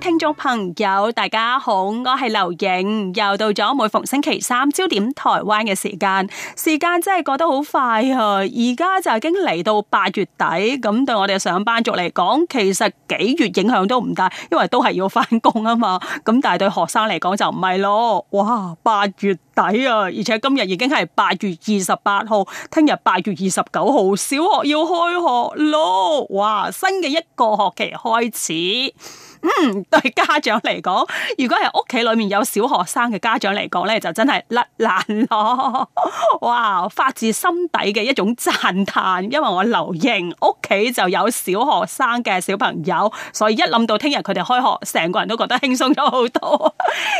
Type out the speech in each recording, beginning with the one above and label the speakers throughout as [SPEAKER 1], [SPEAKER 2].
[SPEAKER 1] 聽眾朋友，大家好，我係劉瑩，又到咗每逢星期三焦點台灣嘅時間，時間真係過得好快啊！而家就已經嚟到八月底，咁對我哋上班族嚟講，其實幾月影響都唔大，因為都係要翻工啊嘛。咁但係對學生嚟講就唔係咯。哇，八月底啊，而且今日已經係八月二十八號，聽日八月二十九號小學要開學咯。哇，新嘅一個學期開始。嗯，對家長嚟講，如果係屋企裏面有小學生嘅家長嚟講咧，就真係甩難囉，哇！發自心底嘅一種讚嘆，因為我留瑩屋企就有小學生嘅小朋友，所以一諗到聽日佢哋開學，成個人都覺得輕鬆咗好多。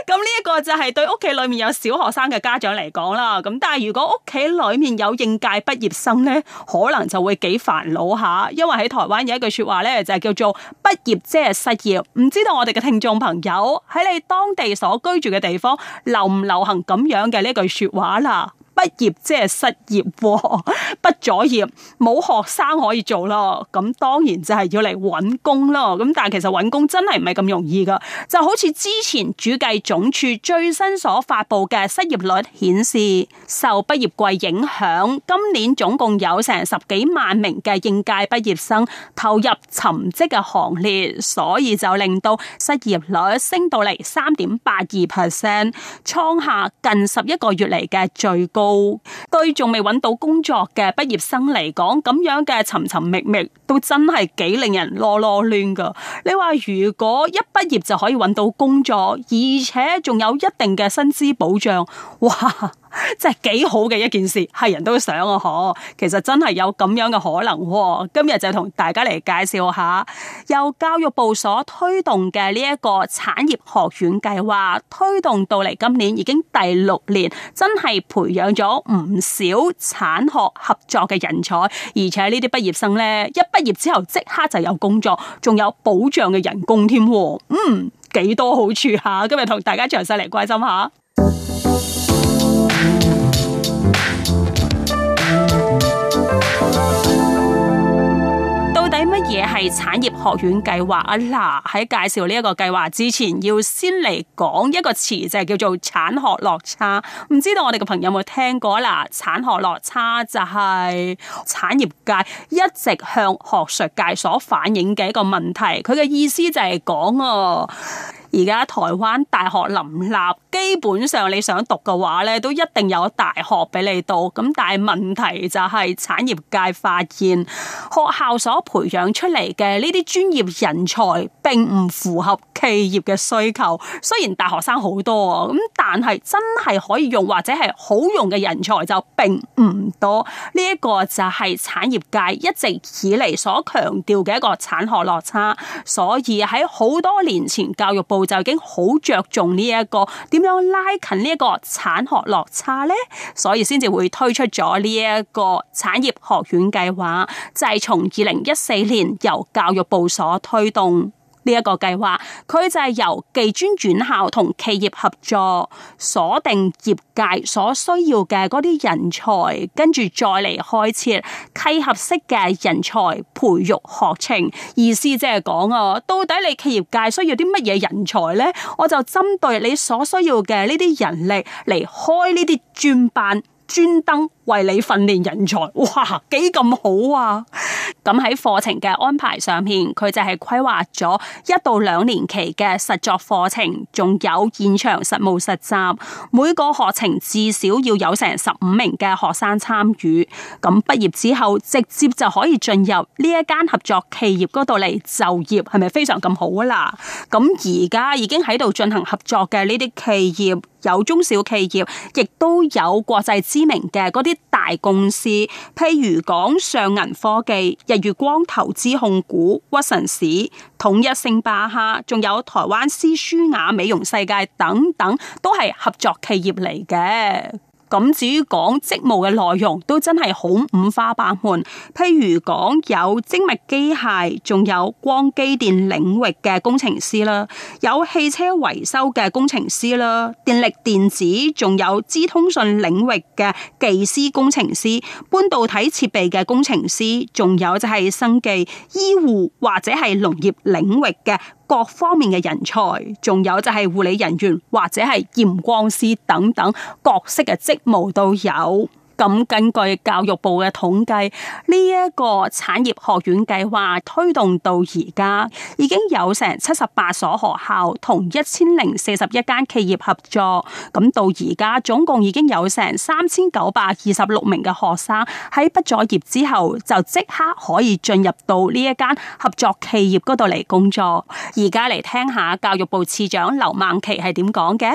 [SPEAKER 1] 咁呢一個就係對屋企裏面有小學生嘅家長嚟講啦。咁但係如果屋企裏面有應屆畢業生咧，可能就會幾煩惱下，因為喺台灣有一句說話咧，就係叫做畢業即係失業。唔知道我哋嘅聽眾朋友喺你當地所居住嘅地方流唔流行咁樣嘅呢句說話啦。畢業即係失業，哦，畢咗業冇學生可以做咯，咁當然就係要嚟揾工咯。咁但係其實揾工真係唔係咁容易噶，就好似之前主計總處最新所發布嘅失業率顯示，受畢業季影響，今年總共有成十幾萬名嘅應屆畢業生投入尋職嘅行列，所以就令到失業率升到嚟三點八二 percent，創下近十一個月嚟嘅最高。對仲未揾到工作嘅畢業生嚟講，咁樣嘅尋尋覓覓都真係幾令人囉囉攣噶。你話如果一畢業就可以揾到工作，而且仲有一定嘅薪資保障，哇！即係幾好嘅一件事，係人都想啊！可其實真係有咁樣嘅可能啊。今日就同大家嚟介紹下，由教育部所推動嘅呢一個產業學院計劃，推動到嚟今年已經第六年，真係培養咗唔少產學合作嘅人才。而且呢啲畢業生呢，一畢業之後即刻就有工作，仲有保障嘅人工添啊。嗯，幾多好處吓啊！今日同大家詳細嚟關心下。嘢係產業學院計劃啊！嗱，喺介紹呢一個計劃之前，要先嚟講一個詞，就係、是、叫做產學落差。唔知道我哋嘅朋友有冇聽過啊？嗱，產學落差就係產業界一直向學術界所反映嘅一個問題。佢嘅意思就係講、哦。而家台灣大學林立，基本上你想讀嘅話咧，都一定有大學俾你讀。咁但係問題就係，產業界發現學校所培養出嚟嘅呢啲專業人才並唔符合企業嘅需求。雖然大學生好多啊，咁但係真係可以用或者係好用嘅人才就並唔多。呢、這、一個就係產業界一直以嚟所強調嘅一個產學落差。所以喺好多年前教育部。就已經好着重呢一個點樣拉近呢一個產學落差呢？所以先至會推出咗呢一個產業學院計劃，就係從二零一四年由教育部所推動。呢一個計劃，佢就係由技專校院同企業合作，鎖定業界所需要嘅嗰啲人才，跟住再嚟開設契合式嘅人才培育學程。意思即係講啊，到底你企業界需要啲乜嘢人才呢？我就針對你所需要嘅呢啲人力嚟開呢啲專班，專登為你訓練人才。哇，幾咁好啊！咁喺課程嘅安排上面，佢就係規劃咗一到兩年期嘅實作課程，仲有現場實務實習。每個學程至少要有成十五名嘅學生參與。咁畢業之後，直接就可以進入呢一間合作企業嗰度嚟就業，係咪非常咁好啊？啦，咁而家已經喺度進行合作嘅呢啲企業。有中小企業，亦都有國際知名嘅嗰啲大公司，譬如講上銀科技、日月光投資控股、屈臣氏、統一星巴克，仲有台灣絲舒雅美容世界等等，都係合作企業嚟嘅。咁至於講職務嘅內容，都真係好五花八門。譬如講有精密機械，仲有光機電領域嘅工程師啦，有汽車維修嘅工程師啦，電力電子，仲有資通訊領域嘅技師工程師，半導體設備嘅工程師，仲有就係生技、醫護或者係農業領域嘅各方面嘅人才，仲有就係護理人員或者係驗光師等等各式嘅職。.無到有，咁根據教育部嘅統計，呢一個產業學院計劃推動到而家，已經有成七十八所學校同一千零四十一間企業合作，咁到而家總共已經有成三千九百二十六名嘅學生喺畢咗業之後就即刻可以進入到呢一間合作企業嗰度嚟工作。而家嚟聽下教育部次長劉孟奇係點講嘅。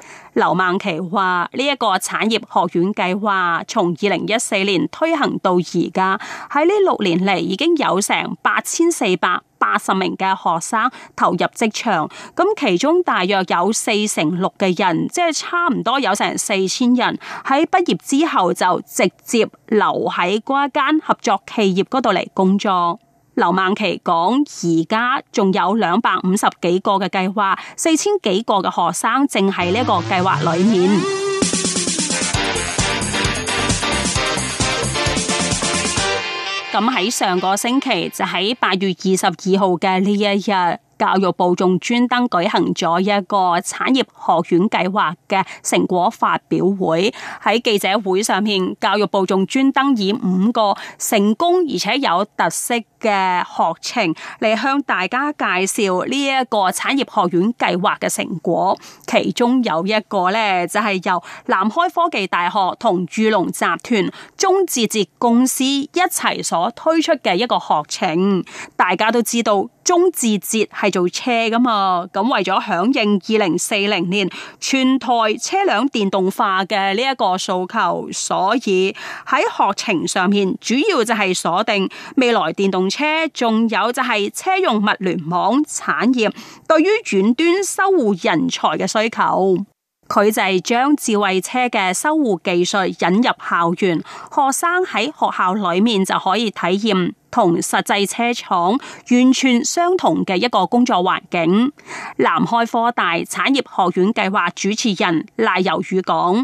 [SPEAKER 1] 劉孟奇話：呢、這、一個產業學院計劃從二零一四年推行到而家，喺呢六年嚟已經有成八千四百八十名嘅學生投入職場，咁其中大約有四成六嘅人，即係差唔多有成四千人喺畢業之後就直接留喺嗰一間合作企業嗰度嚟工作。劉孟奇講：而家仲有兩百五十幾個嘅計劃，四千幾個嘅學生正喺呢一個計劃裏面。咁喺 上個星期，就喺八月二十二號嘅呢一日，教育部仲專登舉行咗一個產業學院計劃嘅成果發表會。喺記者會上面，教育部仲專登以五個成功而且有特色。嘅學程嚟，向大家介紹呢一個產業學院計劃嘅成果。其中有一個咧就係、是、由南開科技大學同裕隆集團、中智捷公司一齊所推出嘅一個學程。大家都知道，中智捷係做車噶嘛，咁為咗響應二零四零年全台車輛電動化嘅呢一個訴求，所以喺學程上面主要就係鎖定未來電動。車，仲有就係車用物聯網產業對於遠端修護人才嘅需求，佢就係將智慧車嘅修護技術引入校園，學生喺學校裏面就可以體驗同實際車廠完全相同嘅一個工作環境。南開科大產業學院計劃主持人賴尤宇講。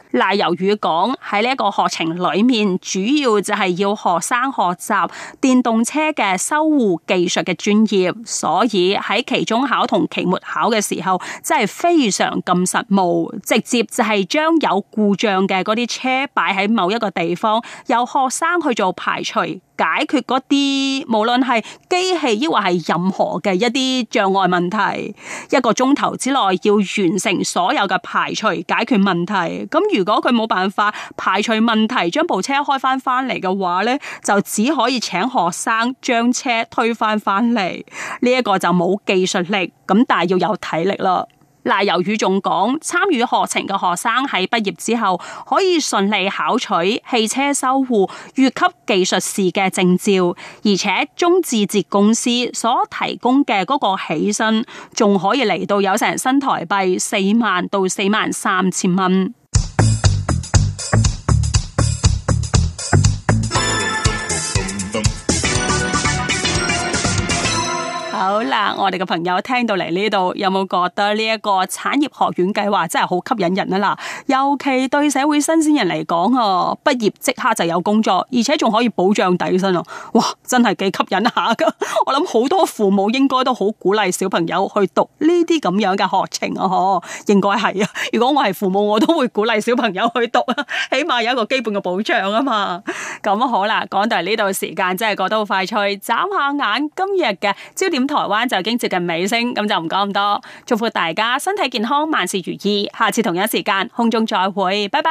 [SPEAKER 1] 那由於講喺呢一個學程裏面，主要就係要學生學習電動車嘅修護技術嘅專業，所以喺期中考同期末考嘅時候，真係非常咁實務，直接就係將有故障嘅嗰啲車擺喺某一個地方，由學生去做排除。解決嗰啲，無論係機器抑或係任何嘅一啲障礙問題，一個鐘頭之內要完成所有嘅排除解決問題。咁如果佢冇辦法排除問題，將部車開翻翻嚟嘅話呢，就只可以請學生將車推翻翻嚟。呢、這、一個就冇技術力，咁但係要有體力啦。嗱，由於仲講，參與學程嘅學生喺畢業之後可以順利考取汽車修護越級技術士嘅證照，而且中智捷公司所提供嘅嗰個起薪仲可以嚟到有成新台幣四萬到四萬三千蚊。我哋嘅朋友聽到嚟呢度，有冇覺得呢一個產業學院計劃真係好吸引人啊？嗱，尤其對社會新鮮人嚟講哦，畢業即刻就有工作，而且仲可以保障底薪哇，真係幾吸引下噶！我諗好多父母應該都好鼓勵小朋友去讀呢啲咁樣嘅學程啊，嗬，應該係啊。如果我係父母，我都會鼓勵小朋友去讀啊，起碼有一個基本嘅保障啊嘛。咁好啦，講到嚟呢度嘅時間真係過得好快脆，眨下眼今日嘅焦點台灣就已經接近尾聲，咁就唔講咁多。祝福大家身體健康，萬事如意。下次同一時間，空中再會，拜拜。